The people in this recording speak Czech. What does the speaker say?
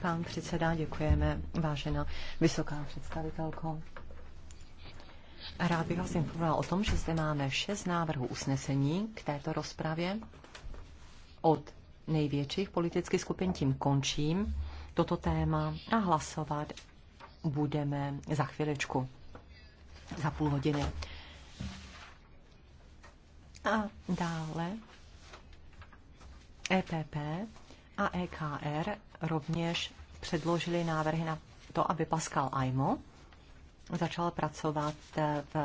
Pán předseda, děkujeme, vážená vysoká představitelko. Rád bych vás informoval o tom, že zde máme šest návrhů usnesení k této rozpravě od největších politických skupin. Tím končím toto téma a hlasovat budeme za chvíličku, za půl hodiny. A dále EPP a EKR rovněž předložili návrhy na to, aby Pascal Aimo začal pracovat v